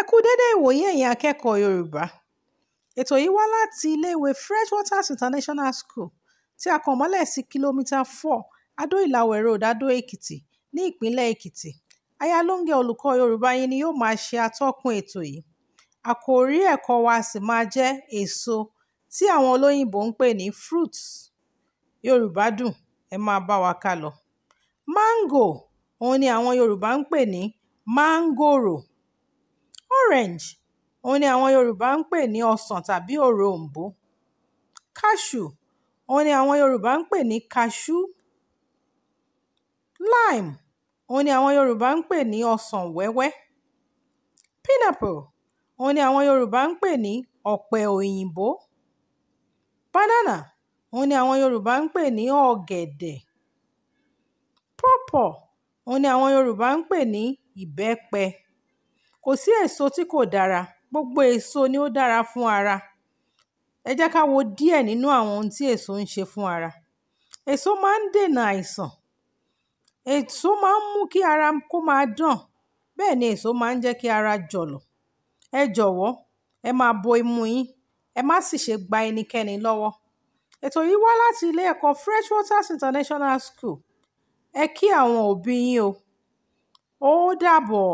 ẹ kú dédé ìwòye ẹ̀yin akẹ́kọ̀ọ́ yorùbá ètò yìí wá láti iléèwé freshwaters international school tí a kàn mọ́lẹ̀ sí kìlómítà four adó ìlàwẹ̀ road adó èkìtì ní ìpínlẹ̀ èkìtì ayálóńgẹ olùkọ́ yorùbá yìí ni yóò máa ṣe atọ́kùn ètò yìí àkòrí ẹ̀kọ́ wa sì máa jẹ́ èso tí àwọn olóyìnbó ń pè ní fruits yorùbá dùn ẹ máa bá wa ká lọ mango òun ni àwọn yorùbá ń pè ní mangoro. orange òun ni àwọn Yorùbá ń pè ní ọsàn tàbí òronbó. Cashew òun ni àwọn Yorùbá ń pè ní cashew. Lime òun ni àwọn Yorùbá ń pè ní ọsàn wẹ́wẹ́. Pineapple òun ni àwọn Yorùbá ń pè ní ọ̀pẹ òyìnbó. Banana òun ni àwọn Yorùbá ń pè ní ọ̀gẹ̀dẹ̀. Pawpaw òun ni àwọn Yorùbá ń pè ní ìbẹ́pẹ. Kò sí èso tí kò dára, gbogbo èso ni ó dára fún ara. Ẹ jẹ́ ká wo díẹ̀ nínú àwọn ohun tí èso ń ṣe fún ara. Èso máa ń dènà àìsàn, èso máa ń mú kí ara kó máa dán, bẹ́ẹ̀ ni èso máa ń jẹ́ kí ara jọ̀lọ̀. Ẹ jọ̀wọ́, ẹ máa bo imú yín, ẹ má sì ṣe gba ẹnikẹ́ni lọ́wọ́. Ètò yìí wá láti ilé ẹ̀kọ́ Fresh Waters International School. Ẹ kí àwọn òbí yín o. Ó dàbọ̀.